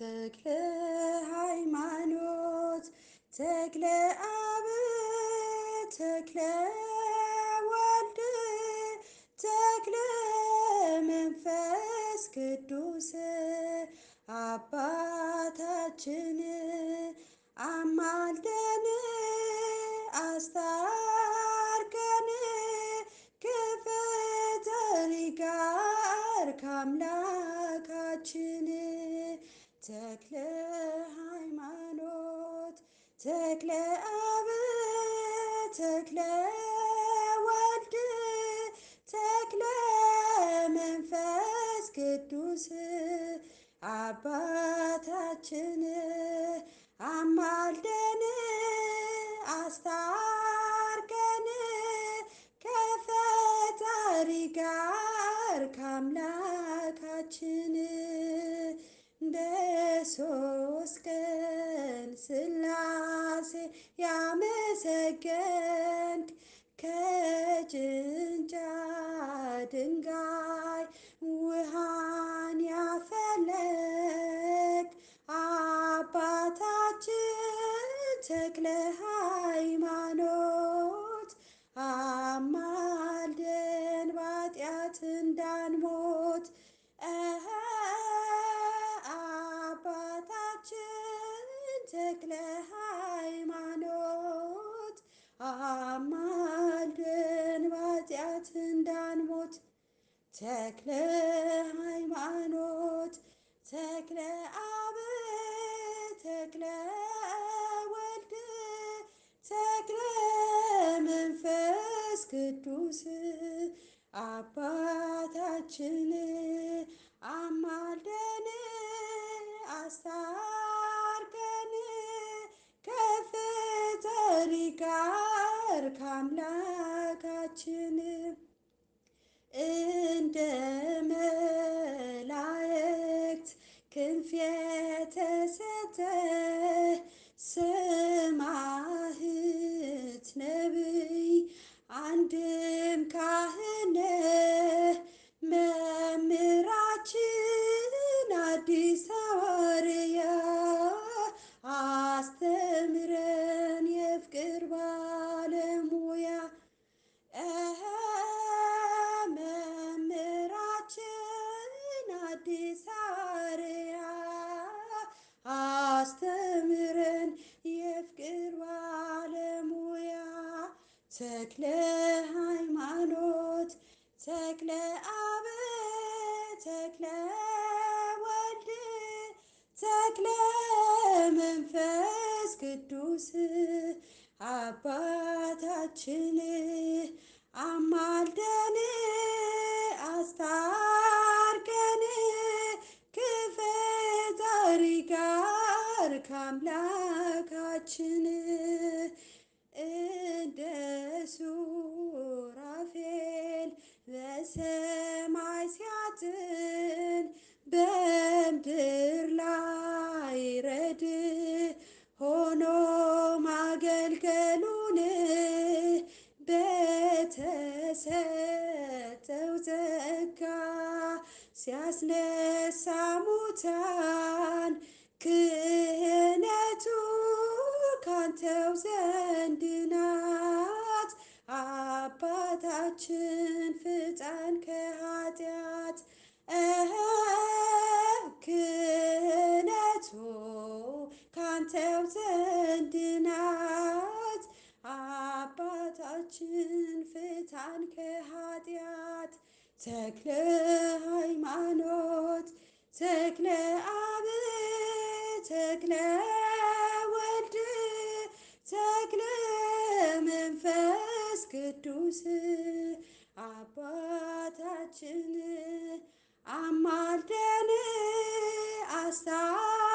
ተክለ ሃይማኖት ተክለ አብ ተክለ ወልድ ተክለ መንፈስ ቅዱስ አባታችን አማልደን አስታርከን ከፈጣሪ ጋር ተክለ ሃይማኖት ተክለ አብ ተክለ ወልድ ተክለ መንፈስ ቅዱስ አባታችን አማልደን አስታርቀን ከፈጣሪ ጋር ካምላ ሶስት ቀን ስላሴ ያመሰገንክ ከጭንጫ ድንጋይ ውሃን ያፈለቅ አባታችን ተክለ ሃይማኖት አማ ተክለ ሃይማኖት ተክለ አብ ተክለ ወልድ ተክለ መንፈስ ቅዱስ አባታችን አማልደን አስታርከን ከፍተሪ ጋር ካምላ ዲሳዋርያ አስተምረን የፍቅር ባለሙያ መምህራችን አዲሳዋርያ አስተምረን የፍቅር ባለሙያ ተክለ ሃይማኖት ተክለ አብ ተክለ ተክለ መንፈስ ቅዱስ አባታችን አማልደን አስታርቀን ከፈጣሪ ጋር ከአምላካችን ሲያስነሳ ሙታን ክህነቱ ካንተው ዘንድ ናት። አባታችን ፍጠን ከኃጢአት ክህነቱ ካንተው ዘንድ ናት። አባታችን ፍጠን ከኃጢአት ተክለ ሃይማኖት ተክለ አብ ተክለ ወልድ ተክለ መንፈስ ቅዱስ አባታችን አማልደን አስታ